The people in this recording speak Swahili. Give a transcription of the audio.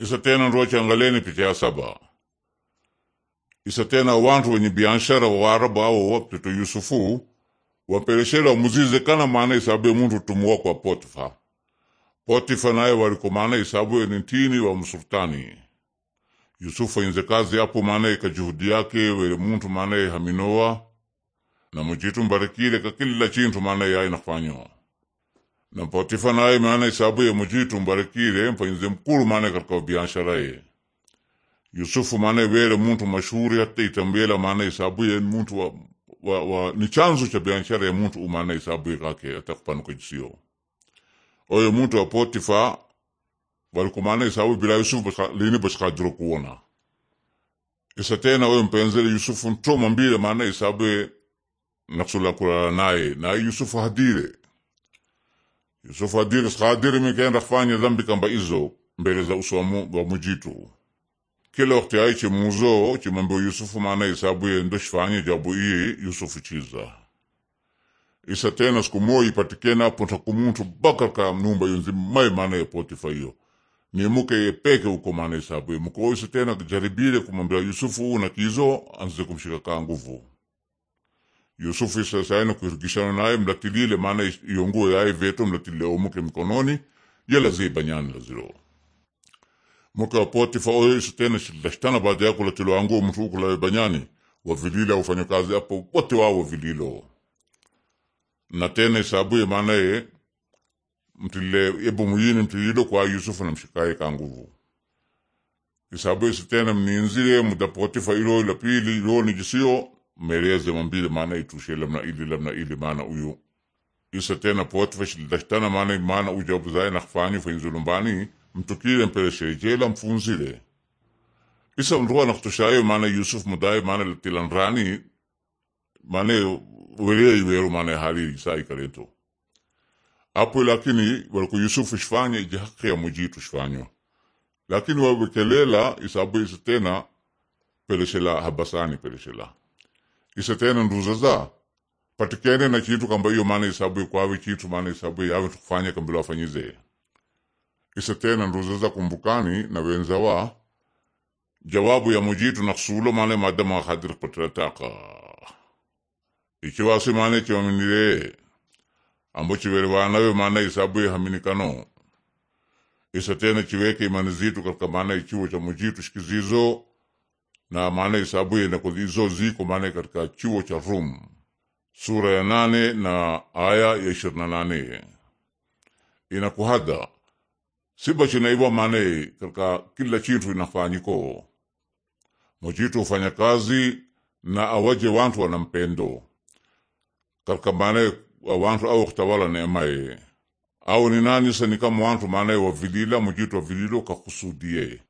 Isa tena nroche angalieni picha ya saba. Isa tena wantu wenye biashara wa Arabu au waptito Yusufu wapeleshela kana maana ya muntu tumuwako kwa Potifa. Potifa naye walikomana isabu ya ntini wa msultani. Yusufu inze kazi apo maana ikajuhudi yake wele muntu maana haminoa na mujitu mbarikile kakilila chintu maana yainafanywa na Nampatifa naye maana isabu ye mujitu mbarikile mpanyinze mkulu maana katika biashara ye. Yusufu maana wele muntu mashuhuri hata itambela maana isabu ye muntu wa, wa, wa ni chanzo cha biashara ya muntu umana isabu ye kake hata kupanuka jisio. Oyo muntu wa Potifa waliku maana isabu bila Yusufu lini basika bashikadiro kuona. Isa tena oyo mpenzele Yusufu ntoma mbile maana isabu ye nakusula kulala naye na Yusufu hadire. Yusufu adiri skadiri mikenda kufanya dhambi kamba izo mbele za uso wa mujitu kila wakati ai chimuzo chimwambia Yusufu maana isabu yendo shifanye jabu iyi Yusufu chiza isa tena siku moja ipatikena aponta kumuntu baka ka mnumba yonzi mai maana ya Potifa iyo muke ye peke uko maana isabu muko isa tena jaribile kumwambia Yusufu una kizo anze kumshika ka nguvu Yusufu isasaina kushirikishana naye mlatilile maana iyo nguo yaye veto mlatilile omuke mikononi banyani lazilo muke wa Potifa oyo oiso tena shilashtana baada ya kulatiloa nguo mtu ukula banyani wavilile kazi hapo wote wao wavililo na tena isabuye maanaye mtile ebo muyini mtililo kwa Yusufu na mshikaye ka nguvu isabuye tena mninzile muda Potifa ilo la pili ilo nijisio meleze mambile maana itushe lamna ili lamna ili maana uyu isa tena pot fashilashtana maana maana ujabu zae nakhfanyi fainzulumbani mtukile mpereshejela mfunzile isa mruwa nakhtushayo maana yusuf mudaye maana latilanrani maana welia iweru maana hali isa ikareto apo lakini walku yusuf ishfanye ijihaki ya mujitu shfanyo lakini wawekelela isabu isa tena peleshela habasani peleshela tena nduza za patikene na chitu kamba hiyo maana isabue kwawe chitu maana isabue yawe tukufanya kambila wafanyize tena nduza za kumbukani na wenza wa jawabu ya mujitu na kusulo maana madama wakhadir patirataka ichiwasi maana chiwaminire ambo chiwere wanawe maana ya haminikano isetene chiweke imani zitu katika maana ichiwo cha mujitu shikizizo na maana hesabu hizo ziko maana katika chuo cha Rum sura ya nane na aya ya ishirini na nane inakuhadha siba chinaiwa maana katika kila chintu inafanyiko mochitu ufanya kazi na awaje wantu wana mpendo katika maana wantu au kutawala neemae au ni nani kama wantu maana wavilila wa wavililo kakusudie